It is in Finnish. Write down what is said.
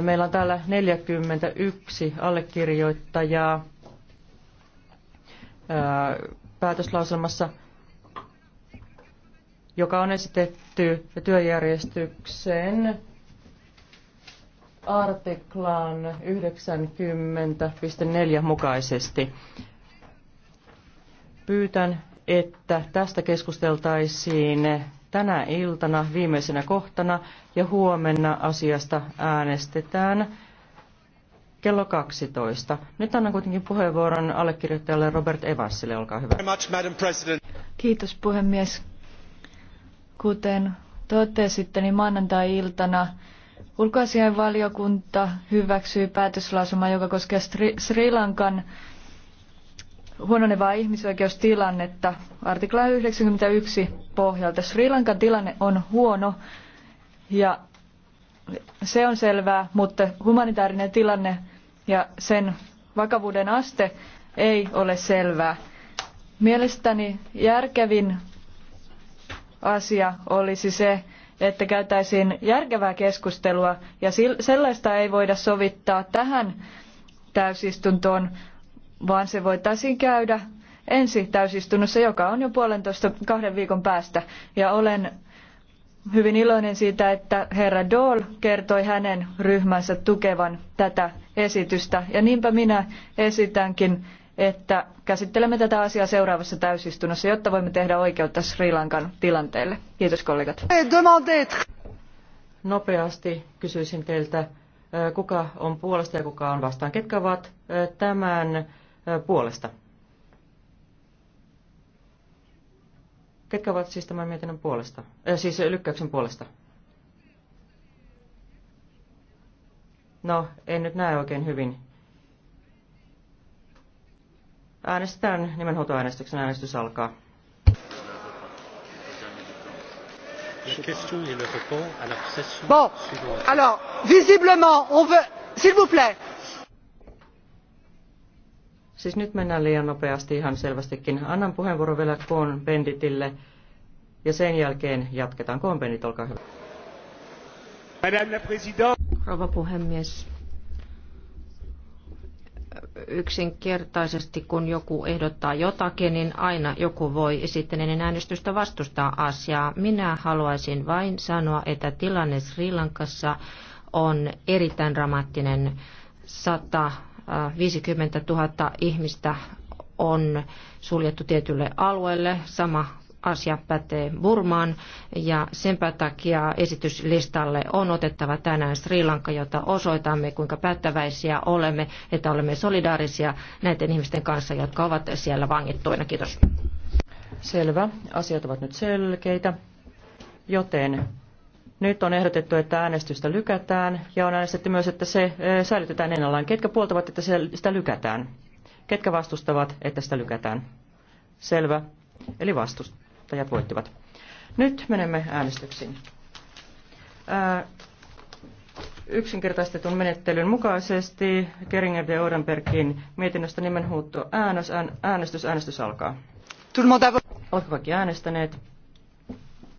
Meillä on täällä 41 allekirjoittajaa päätöslauselmassa, joka on esitetty työjärjestyksen artiklan 90.4 mukaisesti. Pyytän, että tästä keskusteltaisiin tänä iltana viimeisenä kohtana ja huomenna asiasta äänestetään kello 12. Nyt annan kuitenkin puheenvuoron allekirjoittajalle Robert Evansille, olkaa hyvä. Kiitos puhemies. Kuten totesitte, niin maanantai-iltana ulkoasiainvaliokunta hyväksyi päätöslausuman, joka koskee Sri Lankan huononevaa ihmisoikeustilannetta artikla 91 pohjalta. Sri Lankan tilanne on huono ja se on selvää, mutta humanitaarinen tilanne ja sen vakavuuden aste ei ole selvää. Mielestäni järkevin asia olisi se, että käytäisiin järkevää keskustelua ja sellaista ei voida sovittaa tähän täysistuntoon, vaan se voitaisiin käydä ensi täysistunnossa, joka on jo puolentoista kahden viikon päästä. Ja olen hyvin iloinen siitä, että herra Daul kertoi hänen ryhmänsä tukevan tätä esitystä. Ja niinpä minä esitänkin, että käsittelemme tätä asiaa seuraavassa täysistunnossa, jotta voimme tehdä oikeutta Sri Lankan tilanteelle. Kiitos kollegat. Nopeasti kysyisin teiltä, kuka on puolesta ja kuka on vastaan. Ketkä ovat tämän puolesta. Ketkä ovat siis tämän mietinnön puolesta? Äh, siis lykkäyksen puolesta. No, en nyt näe oikein hyvin. Äänestetään nimenhuoltoäänestyksen. Äänestys alkaa. Bon, alors, visiblement, on veut... S'il vous plaît, Siis nyt mennään liian nopeasti ihan selvästikin. Annan puheenvuoron vielä Koon Benditille ja sen jälkeen jatketaan. Koon Bendit, olkaa hyvä. Rouva puhemies, yksinkertaisesti kun joku ehdottaa jotakin, niin aina joku voi sitten ennen äänestystä vastustaa asiaa. Minä haluaisin vain sanoa, että tilanne Sri Lankassa on erittäin dramaattinen. Sata 50 000 ihmistä on suljettu tietylle alueelle. Sama asia pätee Burmaan ja sen takia esityslistalle on otettava tänään Sri Lanka, jota osoitamme, kuinka päättäväisiä olemme, että olemme solidaarisia näiden ihmisten kanssa, jotka ovat siellä vangittuina. Kiitos. Selvä. Asiat ovat nyt selkeitä, joten nyt on ehdotettu, että äänestystä lykätään ja on äänestetty myös, että se säilytetään ennallaan. Ketkä puoltavat, että se, sitä lykätään? Ketkä vastustavat, että sitä lykätään? Selvä. Eli vastustajat voittivat. Nyt menemme äänestyksiin. Ää, yksinkertaistetun menettelyn mukaisesti Keringer de Odenbergin mietinnöstä nimenhuutto äänös, äänestys, äänestys alkaa. Olkaa kaikki äänestäneet?